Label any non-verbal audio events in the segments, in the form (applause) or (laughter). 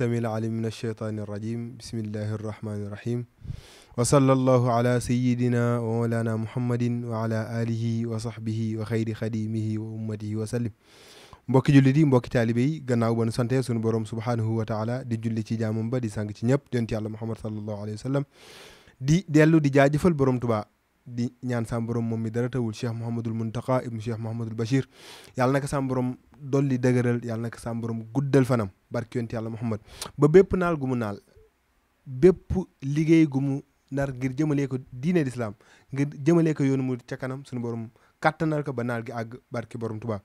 السميع العليم من الشيطان الرجيم بسم الله الرحمن الرحيم وصلى الله على سيدنا ومولانا محمد وعلى آله وصحبه وخير خديمه وأمته وسلم mbokki julli di mbokki taalibe yi gannaaw ba nu sante sunu borom subhanahu wa taala di julli ci jaamam ba di sang ci ñëpp yonent yàlla muhammad sallallahu alayhi wa sallam di dellu di jaajëfal borom tubaa di ñaan sam borom moom mi dara tawul cheikh Mouhamadul Mountakha ibnu cheikh Mouhamadul Bachir yàlla naka sam borom dolli dëgëral yàlla naka sam borom guddal fanam barki yonent yàlla Muhammad ba bépp naal gu mu naal bépp liggéey gu mu nar ngir jëmalee ko diine lislaam ngir jëmalee ko yoonu mu ca kanam suñu borom kattanal ko ba naal gi àgg barki borom Tuubaa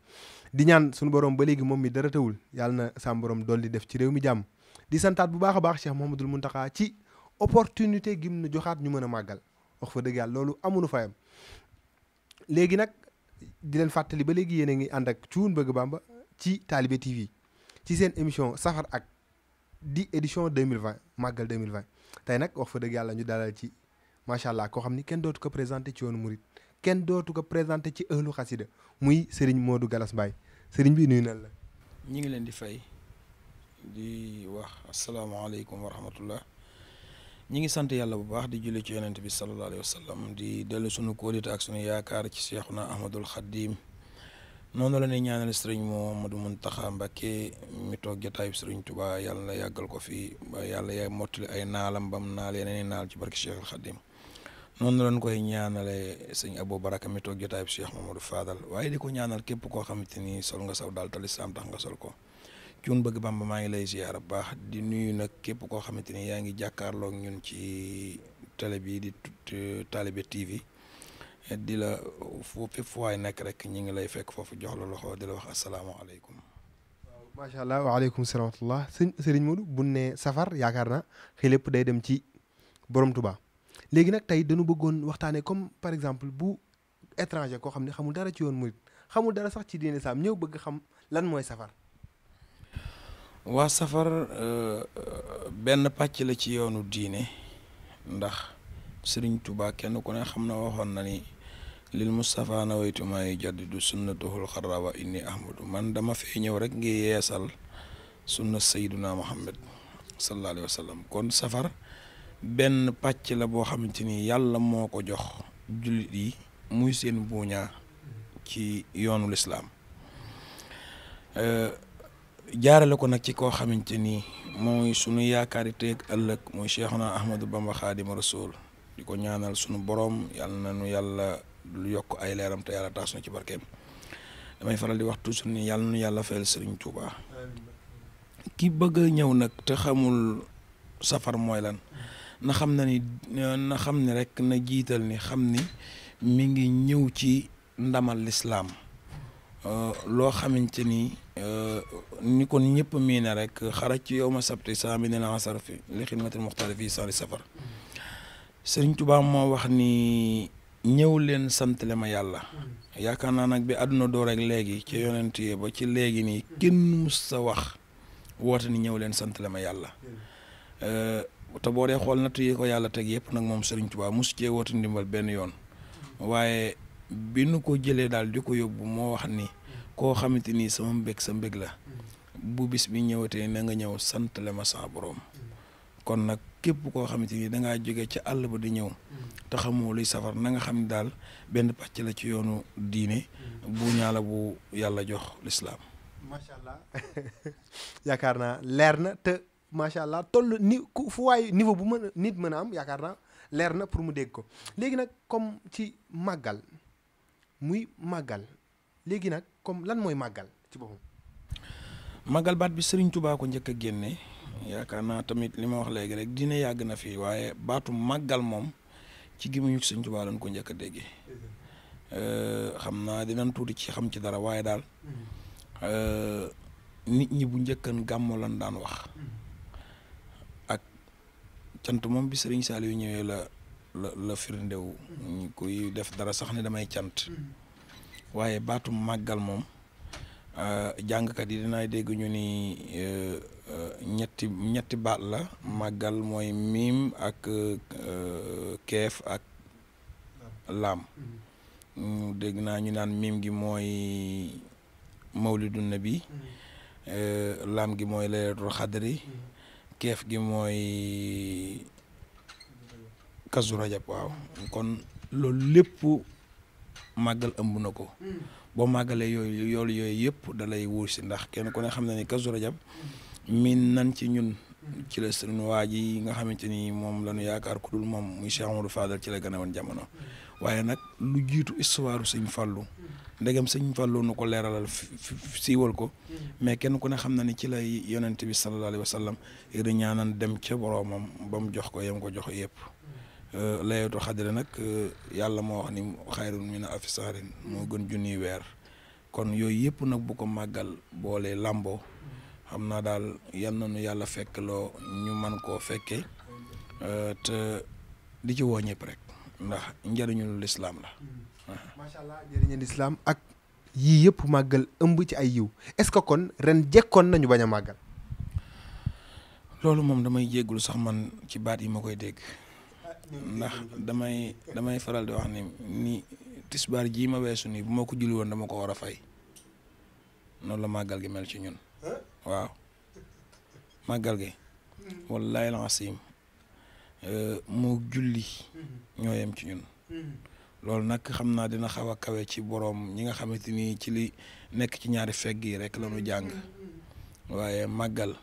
di ñaan suñu borom ba léegi moom mi dara tawul yàlla na sam borom dolli def ci réew mi jàmm di santaat bu baax a baax cheikh Mouhamadul Mountakha ci opportunité gi mu joxaat ñu mën a màggal. wax fa dëgg yàlla loolu amuñu fayam léegi nag di leen fàttali ba léegi yéen a ngi ànd ak cuun bëgg Bamba ci Talibé TV ci seen émission safar ak di édition 2020 màggal 2020 tey nag wax fa dëgg yàlla ñu dalal ci macha allah koo xam ni kenn dootu ko présenté ci yoonu murit kenn dootu ko présenté ci ëhlu xasida muy Serigne Modou Gallass Mbaye Serigne bi nuyu nan la. ñu ngi leen di fay di wax asalaamaaleykum wa rahmatullah ñi ngi sant yàlla bu baax di julli ci yonent bi sallallahu alayhi wa sallam di dellu sunu kóolite ak sunu yaakaar ci seexuna ahmadul xadim noonu la ñuy ñaanal sëriñ Mouhamadou Mountakha Mbacké mi toog jataay bi sëriñ Tuubaa yàlla na yàggal ko fi ba yàlla ya mottili ay naalam bam naal yeneen naal ci barke seexul xadim noonu lañ koy ñaanale sëñ Abou Baraka mi toog jataay bi Cheikh Mamadou Fadal waaye di ko ñaanal képp koo xamante ni sol nga saw daal tali saam nga sol ko cuun bëgg Bamba maa ngi lay ziar bu baax di nuyu nag képp koo xamante ni yaa ngi jàkkaarlook ñun ci télé bi di talib Talibé TV di la foo fépp fu nekk rek ñu ngi lay fekk foofu jox la loxo di la wax asalaamaaleykum. waaw macha allah waaleykum salaam wa rahmatulah sëñ Serigne Modou bu ne safar yaakaar na xëy lépp day dem ci borom tubaa léegi nag tey dañu bëggoon waxtaanee comme par exemple bu étranger koo xam ne xamul dara ci yoon murit xamul dara sax ci diine saam ñëw bëgg xam lan mooy safar. waa safar euh, benn pàcc la ci yoonu diine ndax sëriñ tubaa kenn ku ne xam na waxoon na ni lil Mustafa nawaytu maa yujaddidu sunnatahul xarra wa inni ahmadu man dama fee ñëw rek ngi yeesal sunna sayyiduna Muhammad sallallahu alayhi wa kon safar benn pàcc la boo xamante ni yàlla moo ko jox jullit yi muy seen buuñaa ci yoonu lislaam euh, jaarale ko nag ci koo xamante ni mooy sunu yaakaari teeg ëllëg mooy Cheikhuna Ahmadou Bamba Xaadimu Rasuul di ko ñaanal sunu borom yàlla na nu yàlla yokk ay leeram te yàlla taas ci barkeem damay faral di waxtu toujours ni yàlla nu yàlla fayal Serigne Touba ki bëgg ñëw nag te xamul safar mooy lan na xam na ni na rek na jiital ni xam ni mi ngi ñëw ci ndamal lislaam Euh, loo xamante ni euh, ni kon ñëpp mii ne rek xaraj ci yow ma sabti saa mi dina asar fi li xidmatil muxtaari fii sari safar sëriñ Tuubaa moo wax ni ñëw leen santale ma yàlla yaakaar naa nag bi àdduna doo rek léegi ci yonent yi ba ci léegi nii kenn mus sa wax woote ni ñëw leen santale ma yàlla euh, te boo dee xool na yi ko yàlla teg yëpp nag moom sëriñ Tuubaa mus cee woote ndimbal benn yoon waaye bi nu ko jëlee daal di ko yóbbu moo wax ni koo xamante ni sama mbég sa mbég la bu bis bi ñëwatee na nga ñëw sant le ma sa borom kon nag képp koo xamante ni dangaa jóge ca àll ba di ñëw te xamoo luy safar na xam ne daal benn pàcc la ci yoonu diine bu ñaala bu yàlla jox lislaam macha allah (laughs) yaakaar naa leer na te macha allah toll ni ku fu waay niveau bu ma nit mën a am yaakaar naa leer na pour mu dégg ko léegi nag comme ci màggal muy magal, léegi nak comme lan moy magal ci boppam. magal bat bi Serigne Touba ko ñëk gënné génne yaakaar tamit lima wax légui rek dina yag na fi waye batu magal mom ci gémmiñu Serigne Touba lan ko ñëk déggé euh xamna dinañ ci xam ci dara dal euh nit ñi bu ñëkkan gàmmu lan daan wax ak cënt mom bi Serigne Saliou ñëwé la. la la kuy def dara sax ne damay cant waaye baatum màggal moom euh, jàngkat yi dinaa dégg ñu ni euh, ñetti ñetti baat la màggal mooy miim ak euh, keef ak laam dégg naa ñu naan miim gi mooy mawlidu nabi laam gi mooy laylatul xadri keef gi mooy kazu rajab waaw kon loolu lépp màggal ëmb na ko boo màggalee yooyu yoolu yooyu yëpp da lay wuusi ndax kenn ku ne xam na ni kazu rajab miin nan ci ñun ci la seen waa ji nga xamante ni moom la ñu yaakaar ku moom muy Cheikh Amadou Fadal ci la gën jamono waaye nag lu jiitu histoire sëñ Fallu ndegam sëñ Fallu nu ko leeralal siiwal ko mais kenn ku ne xam na ni ci la yonent bi sallallahu alayhi wa sallam ñaanan dem ca boroomam ba mu jox ko yam ko jox yëpp. Euh, layatul xadira nak euh, yalla mo wax ni khairun min afsarin mo gën wer kon yoy yep nak bu ko magal bolé lambo xamna dal nu yàlla fekk lo ñu man fekke euh te di ci woo rek ndax ñariñu l'islam la. machallah allah l'islam ak yi yep magal ayu, ci ay yiw est-ce kon ren jekkon nañu baña magal lolu mom damay jéggul sax man ci baat yi makoy dégg. ndax damay damay faral di wax ni ni tisbaar jii ma weesu nii bu ma ko julli woon dama ko war a fay noonu la màggal gi mel ci ñun waaw màggal gi hmm. wallahi alasim moo julli hmm. ñoo ci ñun hmm. loolu nag xam naa dina xaw a kawe ci boroom ñi nga xamante ni ci li nekk ci ñaari feg yi rekk la ñu jàng waaye màggal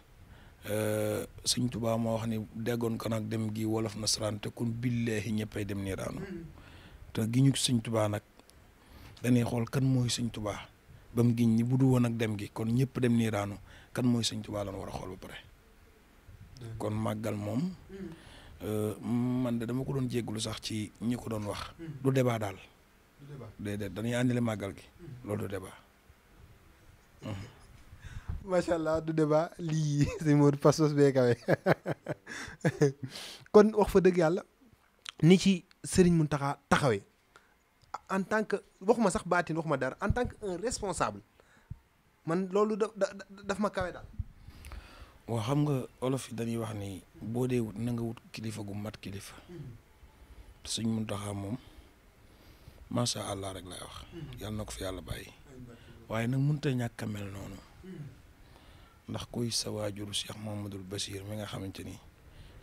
Euh, suñ Tuubaa moo wax ni déggoon ko nag dem gi wolof nasaraan te kun billaahi ñëppay dem nii raanu hmm. te gi ñu sëñ Tuubaa nag dañuy xool kan mooy suñ tubaa ba mu ñi bu du woon ak dem gi kon ñëpp dem nii raanu kan mooy sëñ Tuubaa lan war a xool ba pare hmm. kon màggal moom hmm. euh, man de dama ko doon jégglu sax ci ñu ko doon wax du debaa daal déedéet dañuy màggal gi loolu du débat Masyaallah, du débat lii (laughs) pasos Modou pas-pas bee kawe (laughs) kon wax fa dëgg yàlla ni ci Serigne Mountakha taxawé en tant que waxuma sax baatin waxuma dara en tant que un responsable man loolu da daf ma kawe daal. wa xam nga olof yi dañuy wax ni boo dee wut na nga wut kilifa gu mat kilifa Sëñ Mountakha moom masha allah rek lay wax. Mm-hmm. yàlla na fi yàlla bàyyi. waaye nag mënut ñàkk ndax kuy sa waajur Cheikh Mamadou bassir mi nga xamanteni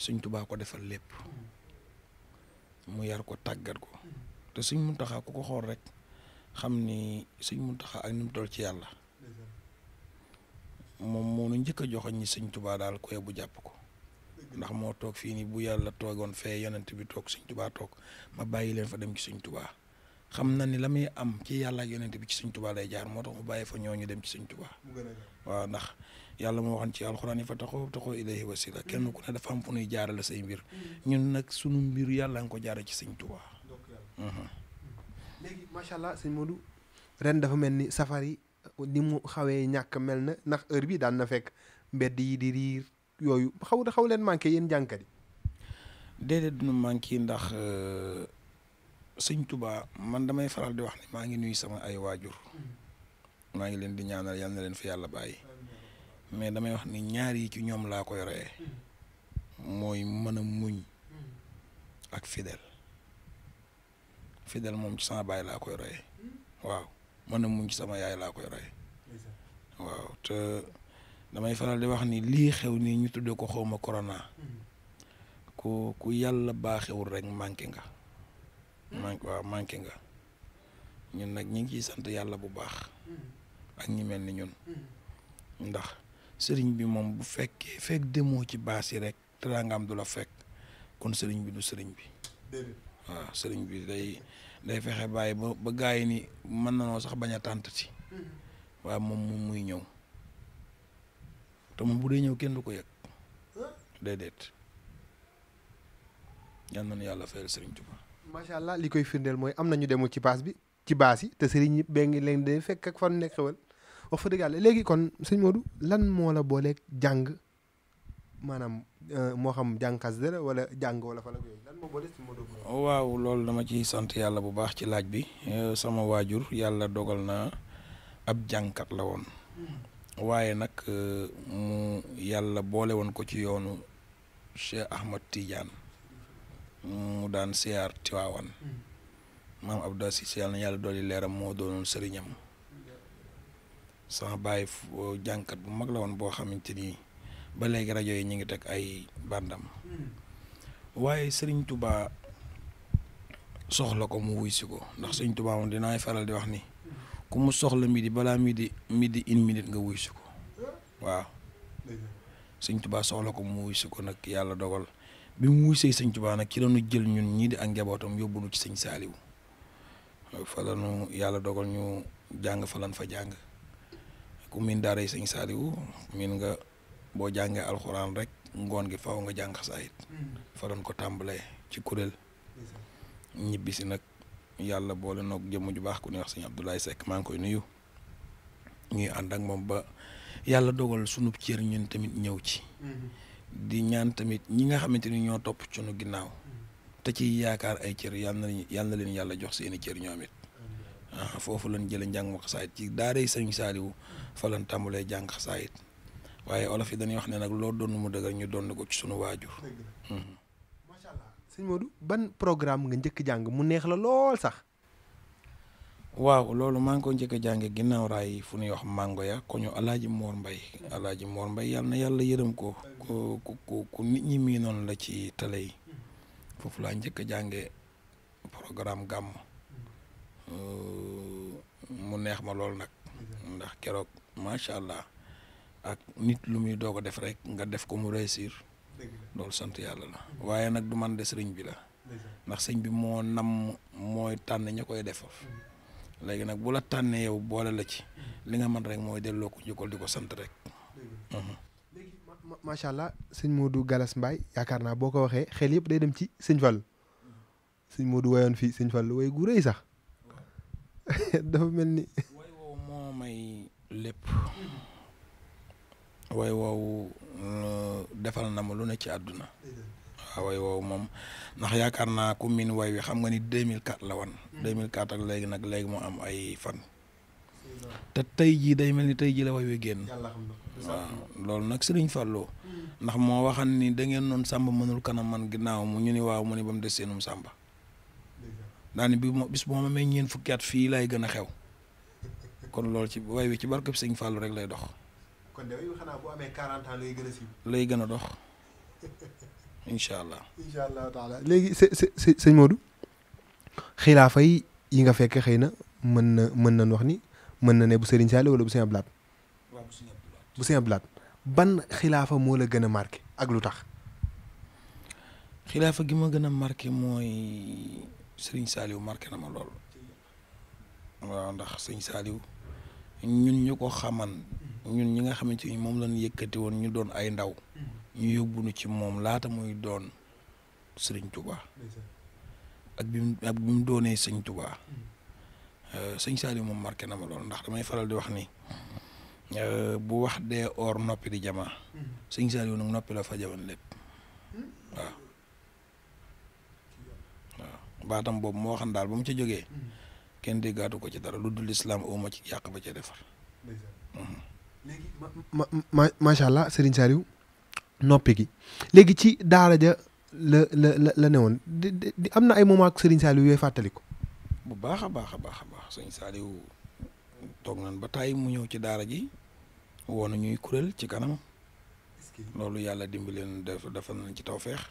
seigne touba ko defal lepp mu yar ko tagat ko te seigne muntaxaa ku ko xor rek xamni seigne suñ ak nim tol ci yalla mom mo nu njëkk Nakh joxoñ ni suñ bu ko ndax mo tok fi ni bu yalla togon fe yonent bi tok seigne touba tok ma bayi leen fa dem ci seigne touba xam na ni lamay am ci yalla ak yonent bi ci seigne touba lay jaar moo mu bàyyi fa ñooñu dem ci seigne touba wa ndax yalla mo waxon ci alxuraan yi fa taxo taxo ilayhi wasila kenn ku ne dafa am fu nuy la say mbir ñun nak suñu mbir yalla nga ko jaare ci sëñ Tuubaa léegi macha allah Modou ren dafa melni safari ni mu xawé ñak melna nak erbi heure bi daan na fek mbedd yi di rir yoyu xaw xaw leen manké yeen jànkat yi du duñu manqué ndax euh, sëñ tuba man damay faral di wax ni ma ngi nuy sama ay wajur. ma ngi leen di ñaanal yalla na leen fi yalla baye mais damay wax ni ñaar yi ci ñoom laa koy royee mooy mën a muñ ak fidel fidèle moom ci sama baay laa koy royee waaw mën a muñ ci sama yaay laa koy royee waaw te damay faral di wax ni lii xew nii ñu tuddee ko ma corona ku ku yàlla baaxewul rek manqué nga manqué waaw manqué nga ñun nag ñi ngi ciy sant yàlla bu baax ak ñi mel ni ñun ndax sëriñ bi moom bu fekkee fekk demoo ci baas yi rek teraangaam du la fekk kon sëriñ bi du sëriñ bi waaw sëriñ bi day day fexe bàyyi ba ba gaa yi ni mën nanoo sax bañ a tànt si mm-hmm. moom moom muy ñëw te bu dee ñëw kenn du ko yëg déedéet yal nu yàlla fayal sëriñ Tuba macha allah li koy firndeel mooy am na ñu demul ci baas bi ci baas yi te sëriñ yi bee ngi leen day fekk ak fan nekk xewal wax fa dëgg yàlla léegi kon sëñ Modou lan moo la booleeg jàng maanaam euh, moo xam jàng xasida la wala jàng wala fa la oh, waaw loolu dama ci sant yàlla bu baax ci laaj bi euh, sama waajur yàlla dogal na ab jàngkat la woon hmm. waaye nag euh, mu yàlla boole woon ko ci yoonu Cheikh Ahmad Tidiane mu daan siyaar Tiwaawan hmm. maam Abdou Assis yàlla na yàlla dolli leeram moo doonoon sëriñam sama baay euh, jànkat bu mag la woon boo xamante ni ba léegi rajo yi ñu ngi teg ay bàndam hmm. waaye sëriñ tubaa soxla ko mu wuy si ko ndax Serigne tubaa moom dinaay faral di wax ni ku mu soxla midi balaa midi midi une nga wuy si ko waaw Serigne Touba soxla ko mu wuy ko nag yàlla dogal bi mu wuysee Serigne Touba nag ci nu jël ñun ñii di ak njabootam yóbbu nu ci sëñ Saliou fa lañu yàlla dogal ñu jàng fa lan fa jàng. ku miin daara yi sëñ Saaliwu miin nga boo jàngee alxuraan rek ngoon gi faw nga jàng xasaayit mm. fa ko tàmbalee ci kuréel ñibbi si nag yàlla boole noog jëmm ju baax ko ñuy wax sëñ Abdoulaye Seck maa ngi koy nuyu ñuy ànd ak moom ba yàlla dogal sunub cër ñun tamit ñëw ci mm-hmm. di ñaan tamit ñi nga xamante ni ñoo topp ci nu ginnaaw mm. te ci yaakaar ay cër yàlla na yàlla leen yàlla jox seeni cër ñu it Ah, fofu lañ jël jang ma xasaayit ci daaray sëriñ Saaliwu fa lañ jang jàng xasaayit waye olof yi dañuy wax né nak lo doon mu dëgër ñu doon ko ci sunu waajur. Hmm. Modou ban programme nga ñëk jang mu neex la lool sax. waaw loolu maa ngi ko njëkk a jànge ginnaaw raay yi fu ñuy wax mango ya ko ñu alaaji Moor Mbay alaaji Moor Mbay yàlla na yàlla yërëm ko ku ku ku nit ñi mii noonu la ci tale yi hmm. foofu laa njëkk a programme gàmm Euh, mu neex ma lool nag ndax keroog macha allah ak nit lu muy doo ko def rek nga def ko mu réussir loolu sant yàlla la waaye nag du man de sëriñ bi la ndax sëñ bi moo nam mooy tànn ña koy def léegi nag bu la tànnee yow boole la ci li nga man rek mooy delloo ko njukkal di ko sant rek. Mhm. léegi macha allah sëñ du Gallass Mbaye yaakaar naa boo ko waxee xel yëpp day dem ci sëñ Fall sëñ Modou wayoon fii sëñ Fall way gu rëy sax. (laughs) dafa mel ni. way woowu moo may lépp way woowu uh, defal na ma lu ne ci àdduna. waaw way woowu moom ndax yaakaar naa ku min way wi xam nga ni 2004 la wan. 2004 mm. ak léegi nag léegi moo am ay fan. te tey jii day mel ni tey ji la way wi génn. waaw loolu nag Serigne Fallou. Mm. ndax moo waxan ni da ngeen noon sàmba mënul kanam man ginnaaw mu ñu ni waaw mu ni ba mu des seenum sàmba daani bi mo bis boo ma may ñeen fukki at fii lay gën a xew kon loolu ci way wi ci barkeb sëñ Fallou rek lay dox. kon de xanaa amee 40 ans lay gën a lay gën a dox incha allah. incha allah taala léegi së së xilaafa yi yi nga fekk xëy na mën na mën nañ wax ni mën na ne bu Serigne Saliou wala bu Sëñ Abdou Lahad. bu Sëñ Abdou Lahad ban xilaafa moo la gën a marqué ak lu tax. xilaafa gi ma gën a marqué mooy. sëriñ Saliou marke na ma lool waaw ndax sëñ Saliou ñun ñu ko xaman ñun ñi nga xamante ni moom lañ yëkkati woon ñu doon ay ndaw ñu yóbbu nu ci moom laata muy doon sëriñ Touba ak bi mu sëñ Touba euh, moom marqué na ma lool ndax damay faral di wax ni euh, bu wax dee or noppi di jamaa sëñ Saliou nag noppi la fa jaman lépp waaw. baatam boobu moo xam daal ba mu ca jógee hmm. kenn déggaatu ko ci dara lu dul islaam ooma ci yàq ba cee defar hmm. léegi ma macha allah Serigne Saliou noppi gi léegi ci daara ja la la la ne woon di am na ay moment ak Serigne Saliou yooyu fàttali ko bu baax a baax a baax a baax Serigne Saliou toog nan ba tàyyi mu ñëw ci daara ji woon ñuy kuréel ci kanam loolu yàlla dimbaleen def defal nañ ci tawfeex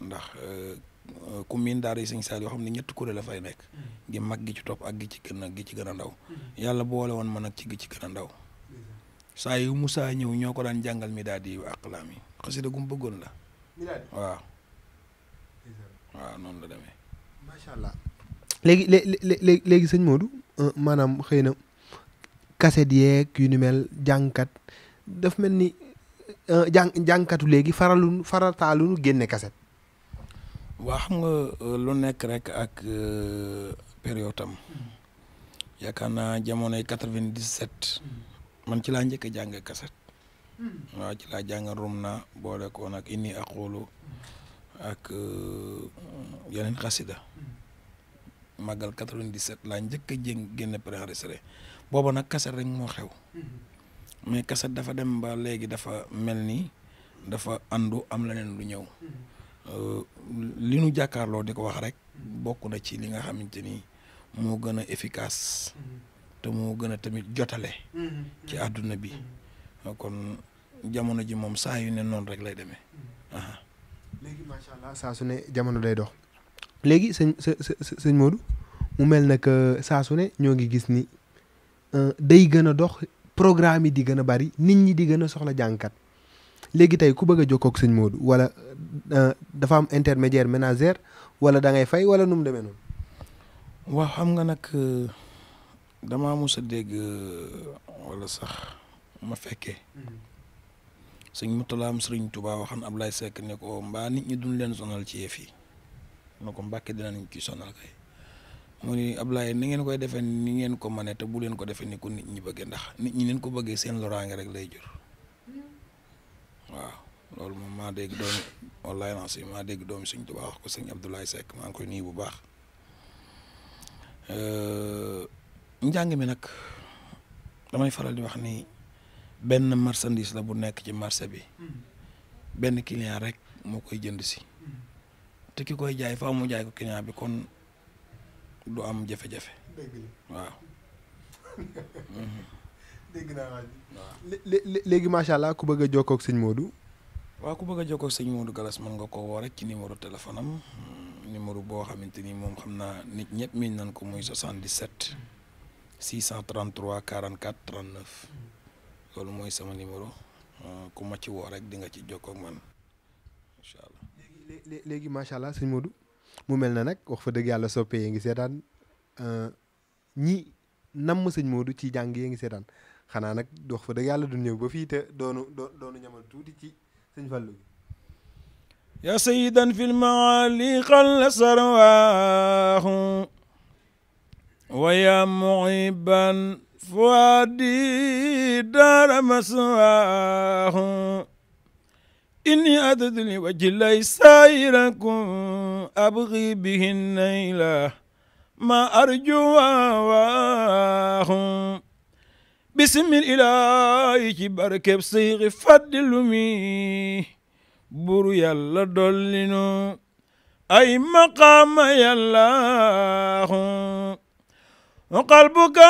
ndax euh, Euh, ku miin daara yi sëñ Saaliw yoo xam ne ñetti kuréel la fay nekk gi mm-hmm. mag gi ci topp ak gi ci gën a gi ci gën a ndaw mm-hmm. yàlla boole woon man ak ci gi ci gën a ndaw mm-hmm. saa yu Musaa ñëw ñoo ko daan jàngal mi daal di àqlaam yi xasida gum bëggoon la waaw waaw noonu la demee allah léegi léegi léegi sëñ Modou euh, maanaam xëy na kaset yeeg yu ni mel jàngkat daf mel ni euh, jàng jàngkatu léegi faraluñu farataaluñu génne kaset wax nga euh, lu nek rek ak euh, période tam yakana jamono 97 man ci la ñëk jàngé cassette wa ci la jàngal rumna boole ko ak inni aqulu ak euh, yenen qasida magal 97 la ñëk jëng gene préenregistré rek mo xew mais cassette dafa dem ba légui dafa melni dafa andu am lenen lu ñëw li nu jàkkaarloo di ko wax rek bokk na ci li nga xamante ni moo gën a efficace te moo gën a tamit jotale ci àdduna bi kon jamono ji moom saa yu ne noonu rek lay demee léegi macha allah saa su ne jamono day dox léegi sëñ sëñ Modou mu mel na que saa su ne ñoo ngi gis ni euh, day gën a dox programme yi di gën a bari nit ñi di gën a soxla jànkat léegi tey ku bëgg a jokkoo ak sëñ Modou wala euh, dafa am intermédiaire ménagère wala da ngay fay wala num mu demee noonu. waaw xam nga nag euh, damaa mos dégg euh, wala sax ma fekkee. Mm-hmm. sëñ Moutalaam Sëriñ Touba waxan Ablaye Seck ne ko mbaa nit ñi duñ leen sonal ci yëf yi na ko Mbàkke dinañ ci sonal kay. mu ni Ablaye ni ngeen koy defee ni ngeen ko mane te bu leen ko defee ni ko nit ñi ndax nit ñi leen ko seen rek lay jur. waaw loolu moom maa dégg doomi wallaay naa si maa dégg doomi Sëñ Tuubaa wax ko sëñ Abdoulaye Seck maa ngi koy nuyu bu baax njàng mi nag damay faral di wax ni benn marchandise la bu nekk ci marché bi benn client rek moo koy jënd si te ki koy jaay faaw mu jaay ko client bi kon du am jafe-jafe waaw (laughs) dégg naa waaj waaw léegi macha allah ku bëgg a jokkoo ak sëñ Modou. waaw ku bëgg a jokkoo sëñ Modou Galas mën nga ko woo rek ci numéro téléphone am hmm, numéro boo xamante ni moom xam naa nit ñëpp miin nañ ko muy 77 633 44 39 loolu mooy sama numéro euh, ku ma ci woo rek di nga ci jokkoo man incha allah. léegi léegi macha allah sëñ Modou mu mel na nag wax fa dëgg yàlla soppee yi ngi seetaan euh, ñi namm sëñ Modou ci jàng yi ngi seetaan. xanaa nag dox fa dëgg yàlla du ñëw ba fii te doonu doonu ñamal tuuti ci sëñ Fallou gi يا سيدا في المعالي قل و ويا معيبا فؤادي دار مسواه إني أدد لوجه الله سائركم أبغي به النيلة ما أرجو واه bismil ilaahi ci barkeb seyxi fàddilu mi buru yàlla dollinu ay maqaama yàllaahu qalbuka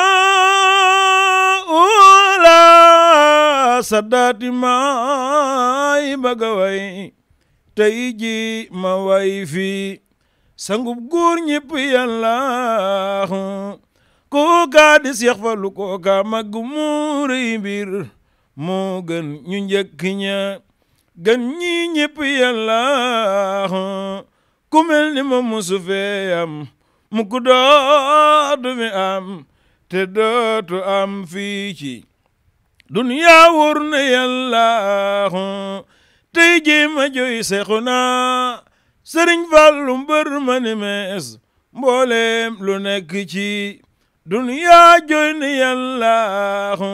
ula saddaati maay bëgga way tey ji ma way fi sangub góor ñëpp yàllaahu kooka di Seex Fallu kooka mag mu rëy mbir gën ñu gën ñi ñëpp yàlla ku ni ma musu fee am mu ku dootu mi am te dootu am fii duniya wóor na yàlla tey jii ma joy seexu naa sëriñ Fallu mbër ma ni mees mbooleem lu nekk duniyaa joyni yallaahu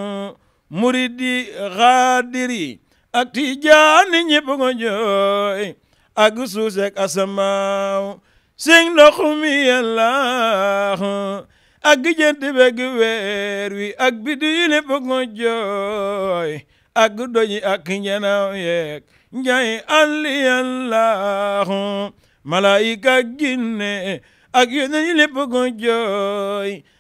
muridi xaadiri ak tijaani ñëpp nga ak suus asamaaw sing ndoxumi yallaahu ak jant beeg weer wi ak biddi yi lépp nga jooy ak doñi ak njanaaw yeeg njaay alli yallaahu malaayika ak ak yónent yi lépp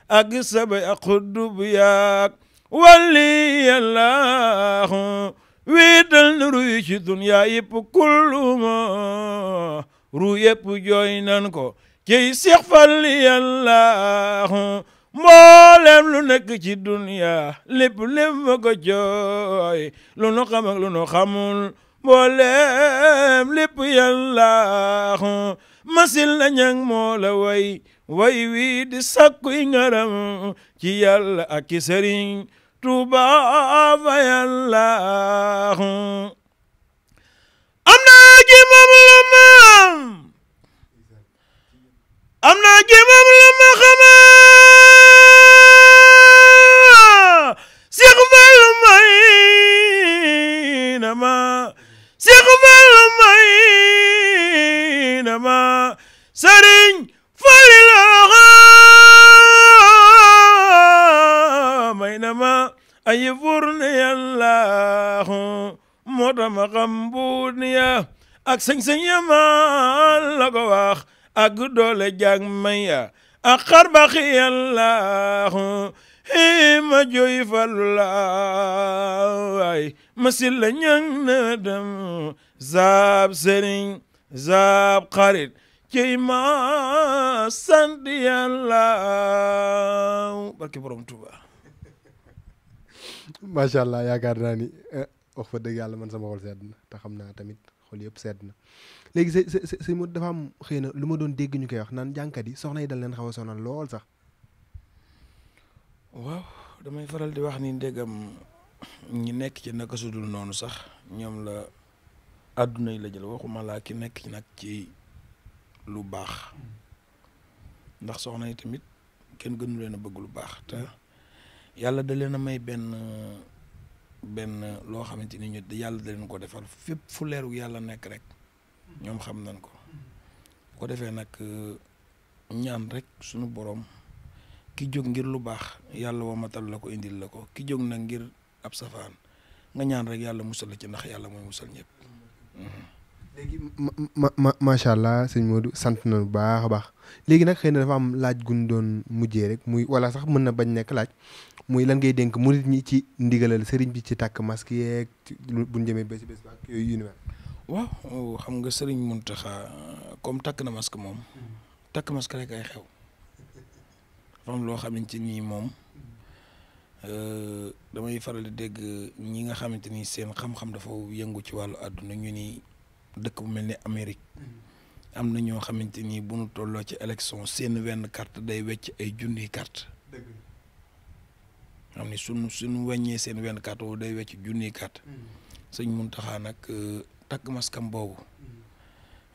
ak saba ya xuddub yaak wali yàllaahu wiital nu ruy ci duniyaa yëpp kulluma ru jooy nan ko ciy seex falli yàllaahu mboolem lu nekk ci duniyaa lépp lépp ko jooy lu nu xam ak lu nu xamul mboolem lépp yàllaahu masil na ñang moo la way way wii di sakkuy ngaram ci yàlla ak ci sëriñ Tuuba fa yàlla am naa ji moom ma am naa ji moom ma xama Seex Fall may na ma Seex Fall may na ma sari ayi furniyallaahu moo tama xam buut niya ak sañ-sañ la ko wax ak doole jàng maya ak xarbaxiyallaahu ma joy falulaay ma silla ñang na dem zaab sëriñ zaab xarit cey ma sant yàlla barke borom Tuuba macha allah yaakaar naa ni wax fa dëgg yàlla man sama xol sedd na te xam naa tamit xol yëpp sedd na léegi sa sa sa mot dafa am xëy na lu ma doon dégg ñu koy wax naan jànkat yi soxna yi dal leen xaw a sonal lool sax. waaw damay faral di wax ni ndegam ñi nekk ci naka sudul noonu sax ñoom la àdduna yi la jël waxuma laa ki nekk ci nag ci lu baax ndax soxna yi tamit kenn gënu leen a bëgg lu baax te. yàlla da leen may benn benn loo xamante ni ñu yàlla da leen ko defal fépp fu leeru yàlla nekk rek ñoom xam nañ ko bu ko defee nag ñaan rek suñu boroom ki jóg ngir lu baax yàlla wamatal la ko indil la ko ki jóg nag ngir ab safaan nga ñaan rek yàlla musal la ci ndax yàlla mooy musal ñëpp. léegi ma ma macha allah sëñ Modou sant na bu baax a baax léegi nag xëy na dafa am laaj gun doon mujje rek muy wala sax mën na bañ nekk laaj muy lan ngay dénk murit ñi ci ndigalal sëriñ bi ci tàkk masque yeeg buñ jëmee bés bés ba ak yooyu yu ni mel waaw xam nga sëriñ Mountakha comme takk na masque moom takk masque rek ay xew dafa loo loo xamante nii moom euh, damay faral di dégg ñi nga xamante ni seen xam-xam dafa yëngu ci wàllu àdduna ñu nii dëkk bu mel ni Amérique mm. am na ñoo xamante ni bu nu tolloo ci élection seen wenn carte day wecc ay junniy carte xam ni suñu suñu wàññee seen wenn carte woo day wecc junniy carte mm. sëñ Muntaxa nag euh, takk maskam boobu mm.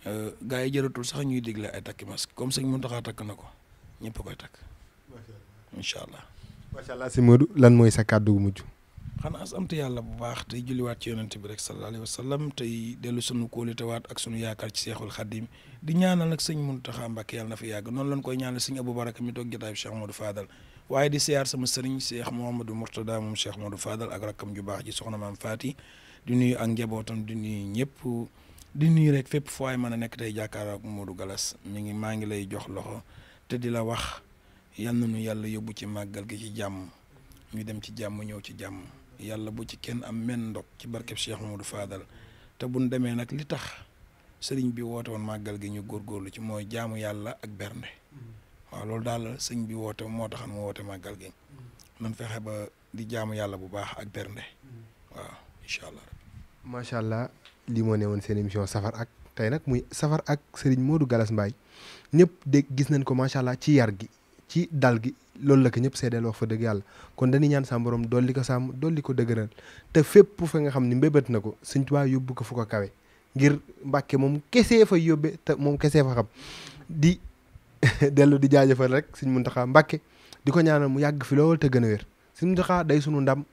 euh, gars yi jëratul sax ñuy digle ay takki masque comme sëñ Muntaxa takk na ko ñëpp koy takk incha allah macha allah si Modou lan mooy sa kàddu gu mujj xanaa sant yalla bu baax julli wat ci yonent bi rek sallallahu alayhi te delu sunu ko sunu kóolitewaat ak sunu yaakar ci cheikhul khadim di ñaanal nak seigne muntaha Mbàkke yalla na fi yag non lañ koy ñaanal seigne Abou Baraka mi tok jotaay Cheikh Modou Fadal waye di siar sama seigne Cheikh Mouhamadou murtada moom Cheikh Modou Fadal ak rakam ju baax ji soxna mam fati di nuyu ak njabotam di nuyu ñepp di nuyu rek fep foo ay nek tay nekk ak Modou Galas mi ngi ma ngi lay jox loxo te di la wax yalla nu yalla yóbbu ci magal gi ci jamm ñu dem ci jamm ñew ci jamm yàlla bu ci kenn am menn ndog ci barkeb moo Mamadou Fadal te bu buñ demee nag li tax sëriñ bi woote woon màggal gi ñu góor góorgóorlu ci mooy jaamu yàlla ak bernde waaw loolu daal sëñ bi woote moo taxan mu woote màggal gi nan fexe ba di jaamu yàlla bu baax ak bernde waaw incha allah. macha allah lii moo ne woon seen émission safar ak tey nag muy safar ak sëriñ Modou Gallass Mbaye ñëpp dégg gis nañ ko macha allah ci yar gi ci dal gi loolu la ko ñëpp seedeel wax fa dëgg yàlla kon dañuy ñaan sàmm borom dolli ko sàmm dolli ko dëgëral te fépp fa nga xam ni mbébét na ko Sëñ Tuubaa yóbbu ko fu ko kawe ngir Mbàkke moom kese fa yóbbe te moom kese fa xam di (laughs) dellu di jaajëfal rek Sëñ Muntaxaa Mbàkke di ko ñaanal mu yàgg fi lool te gën a wér Sëñ Muntaxaa day sunu ndam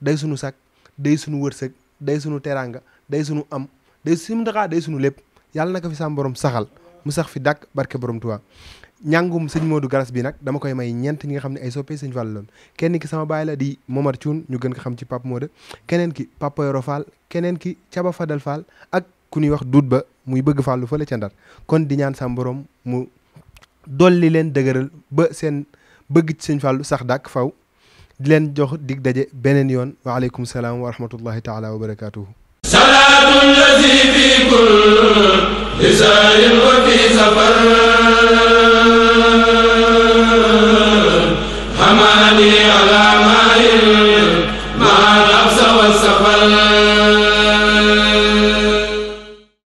day sunu sag day sunu wërsëg day sunu teraanga day sunu am day Sëñ Muntaxaa day sunu lépp yàlla na ko fi sàmm borom saxal mu sax fi dàq barke borom tuwaa ñàngum sëñ Modou Garas bi nag dama koy may ñeent ñi nga xam ne ay soppee sëñ Fall loon kenn ki sama baay la di Momar Thioune ñu gën ko xam ci Pape Modou keneen ki Papa Yoro keneen ki Caba Fadal Fall ak ku ñuy wax duut ba muy bëgg fàllu fële ca ndar kon di ñaan sam borom mu dolli leen dëgëral ba seen bëgg sëñ fàllu sax dàkk faw di leen jox dig daje beneen yoon waaleykum salaam wa rahmatullahi taala wa barakaatuhu سلام الذي في كل لسان وفي سفر حماني على ماء